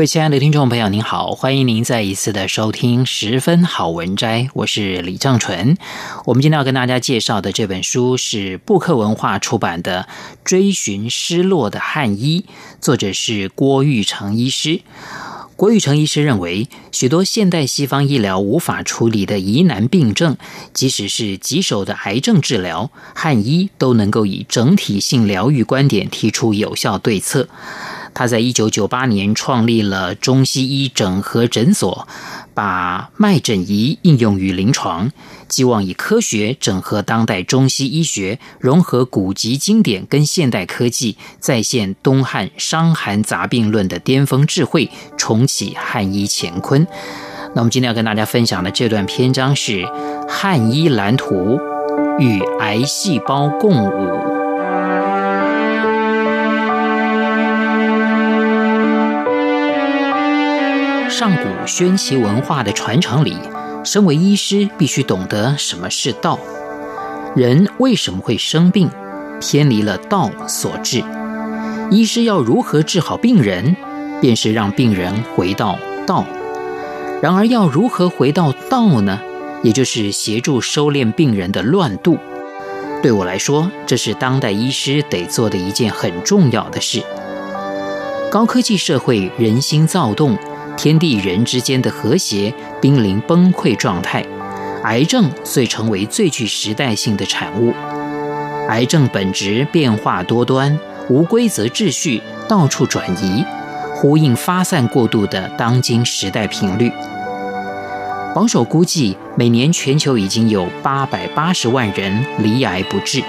各位親愛的聽眾朋友，您好，歡迎您再一次的收聽《十分好文摘》，我是李正純。我們今天要跟大家介紹的這本書是布克文化出版的《追尋失落的漢醫》，作者是郭育誠醫師。郭育誠醫師認為，許多現代西方醫療無法處理的疑難病症，即使是棘手的癌症治療，漢醫都能夠以整體性療癒觀點提出有效對策。他在一九九八年創立了中西醫整合診所，把脈診儀應用於臨床，希望以科學整合當代中西醫學，融合古籍經典跟現代科技，再現東漢《傷寒雜病論》的巔峰智慧，重啟漢醫乾坤。那我們今天要跟大家分享的這段篇章是《漢醫藍圖與癌細胞共舞》。上古軒岐文化的傳承裡，身為醫師必須懂得什麼是道，人為什麼會生病，偏離了道所致。醫師要如何治好病人，便是讓病人回到道。然而要如何回到道呢？也就是協助收斂病人的亂度。對我來說，這是當代醫師得做的一件很重要的事。高科技社會人心躁動。天地人之間的和諧瀕臨崩潰狀態，癌症遂成為最具時代性的產物。癌症本質變化多端，無規則秩序到處轉移，呼應發散過度的當今時代頻率。保守估計，每年全球已經有八百八十萬人罹癌不治。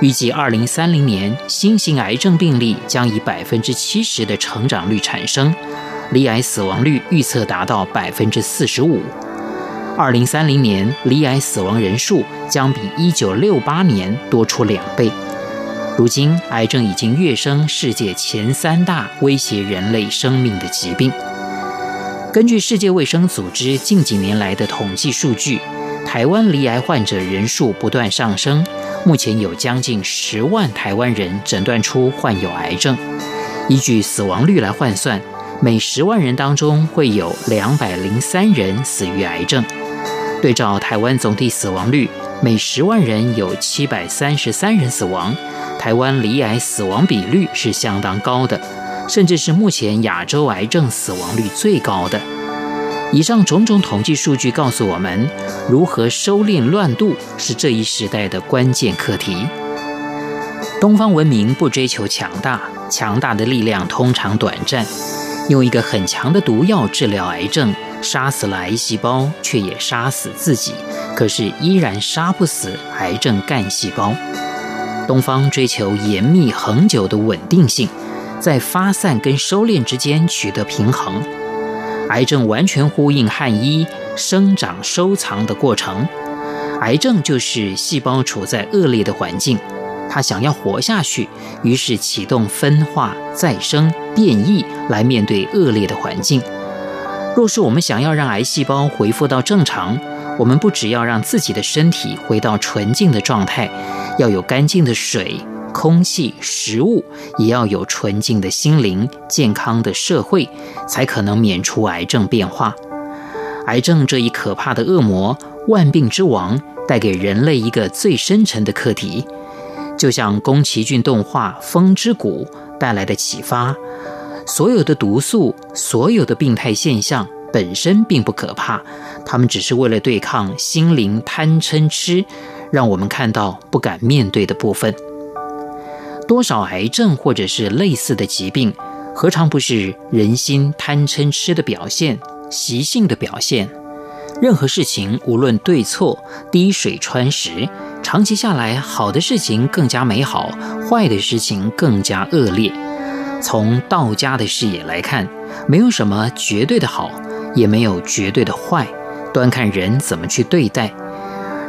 預計二零三零年，新型癌症病例將以百分之七十的成長率產生。離癌死亡率預測達到百分之四十五，二零三零年罹癌死亡人數將比一九六八年多出兩倍。如今，癌症已經躍升世界前三大威脅人類生命的疾病。根據世界衛生組織近幾年來的統計數據，台灣罹癌患者人數不斷上升，目前有將近十萬台灣人診斷出患有癌症。依據死亡率來換算。每十萬人當中會有兩百零三人死於癌症。對照台灣總體死亡率，每十萬人有七百三十三人死亡，台灣罹癌死亡比率是相當高的，甚至是目前亞洲癌症死亡率最高的。以上種種統計數據告訴我們，如何收斂亂度是這一時代的關鍵課題。東方文明不追求強大，強大的力量通常短暫。用一個很強的毒藥治療癌症，殺死了癌細胞，卻也殺死自己。可是依然殺不死癌症幹細胞。東方追求嚴密恆久的穩定性，在發散跟收斂之間取得平衡。癌症完全呼應漢醫，生長收藏的過程。癌症就是細胞處在惡劣的環境。他想要活下去，於是啟動分化、再生、變異來面對惡劣的環境。若是我們想要讓癌細胞恢復到正常，我們不只要讓自己的身體回到純淨的狀態，要有乾淨的水、空氣、食物，也要有純淨的心靈、健康的社會，才可能免除癌症變化。癌症這一可怕的惡魔，萬病之王，帶給人類一個最深沉的課題。就像宮崎駿動畫《風之谷》帶來的啟發，所有的毒素、所有的病態現象本身並不可怕，他們只是為了對抗心靈貪嗔痴，讓我們看到不敢面對的部分。多少癌症或者是類似的疾病，何嘗不是人心貪嗔痴的表現、習性的表現？任何事情，無論對錯，滴水穿石。長期下來，好的事情更加美好，壞的事情更加惡劣。從道家的視野來看，沒有什麼絕對的好，也沒有絕對的壞，端看人怎麼去對待。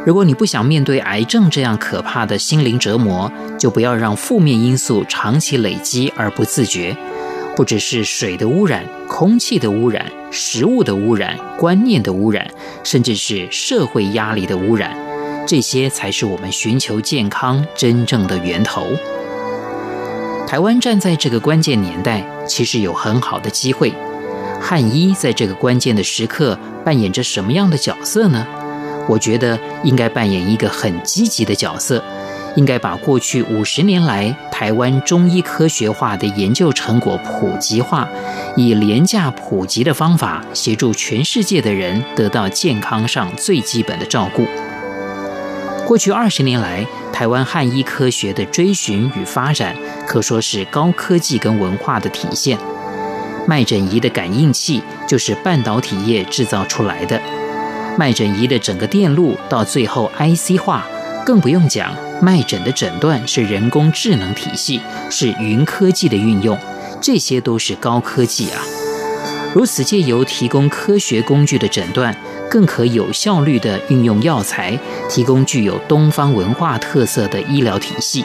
如果你不想面對癌症這樣可怕的心靈折磨，就不要讓負面因素長期累積而不自覺。不只是水的污染、空氣的污染、食物的污染、觀念的污染，甚至是社會壓力的污染。這些才是我們尋求健康真正的源頭。台灣站在這個關鍵年代，其實有很好的機會。漢醫在這個關鍵的時刻扮演着什麼樣的角色呢？我覺得應該扮演一個很積極的角色，應該把過去五十年來台灣中醫科學化的研究成果普及化，以廉價普及的方法，協助全世界的人得到健康上最基本的照顧。過去二十年來，台灣漢醫科學的追尋與發展，可說是高科技跟文化的體現。脈診儀的感應器就是半導體業制造出來的，脈診儀的整個電路到最後 IC 化，更不用講，脈診的診斷是人工智能體系，是雲科技的運用，這些都是高科技啊！如此借由提供科學工具的診斷。更可有效率地運用藥材，提供具有東方文化特色的醫療體系，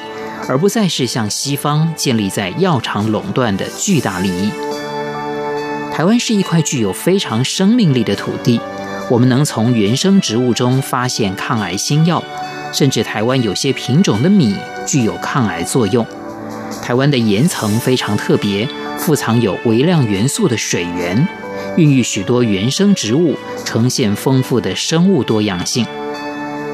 而不再是像西方建立在藥廠壟斷的巨大利益。台灣是一塊具有非常生命力的土地，我們能從原生植物中發現抗癌新藥，甚至台灣有些品種的米具有抗癌作用。台灣的岩層非常特別，富藏有微量元素的水源。孕育許多原生植物，呈現豐富的生物多樣性。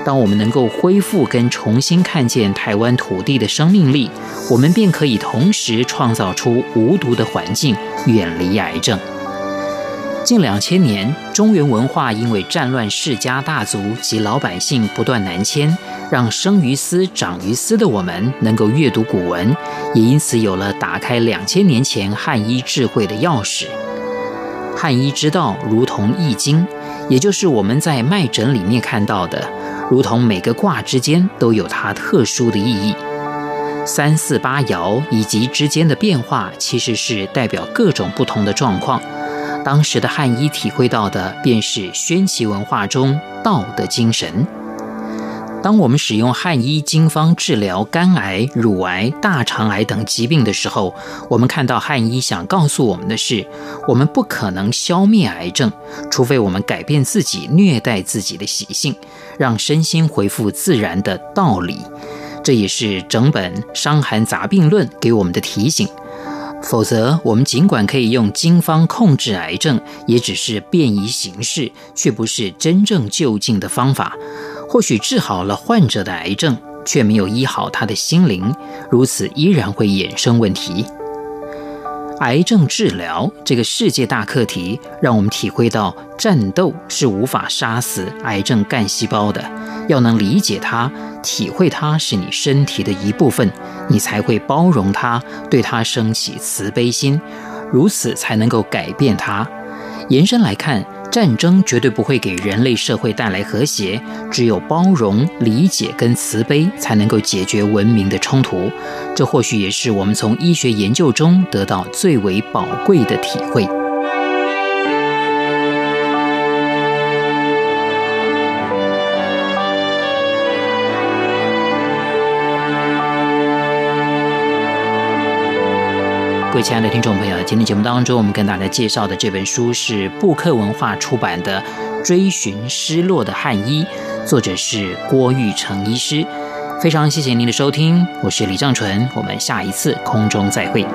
當我們能夠恢復跟重新看見台灣土地的生命力，我們便可以同時創造出無毒的環境，遠離癌症。近兩千年，中原文化因為戰亂、世家大族及老百姓不斷南遷，讓生於斯、長於斯的我們能夠閱讀古文，也因此有了打開兩千年前漢醫智慧的鑰匙。漢醫之道如同易經，也就是我們在脈診裡面看到的，如同每個卦之間都有它特殊的意義。三四八爻以及之間的變化，其實是代表各種不同的狀況。當時的漢醫體會到的，便是宣奇文化中道的精神。當我們使用漢醫經方治療肝癌、乳癌、大腸癌等疾病的時候，我們看到漢醫想告訴我們的是：我們不可能消滅癌症，除非我們改變自己虐待自己的習性，讓身心恢復自然的道理。這也是整本《傷寒雜病論》給我們的提醒。否則，我們盡管可以用經方控制癌症，也只是便宜形式，卻不是真正究竟的方法。或許治好了患者的癌症，却沒有醫好他的心靈，如此依然會衍生問題。癌症治療這個世界大課題，讓我們體會到戰鬥是無法殺死癌症幹細胞的。要能理解它、體會它是你身體的一部分，你才會包容它，對它升起慈悲心，如此才能夠改變它。延伸來看，戰爭絕對不會給人類社會帶來和諧，只有包容、理解跟慈悲才能夠解決文明的衝突。這或許也是我們從醫學研究中得到最為寶貴的體會。各位親愛的聽眾朋友，今天節目當中，我們跟大家介紹的這本書是布克文化出版的《追尋失落的漢醫》，作者是郭育誠醫師。非常謝謝您的收聽，我是李正淳，我們下一次空中再會。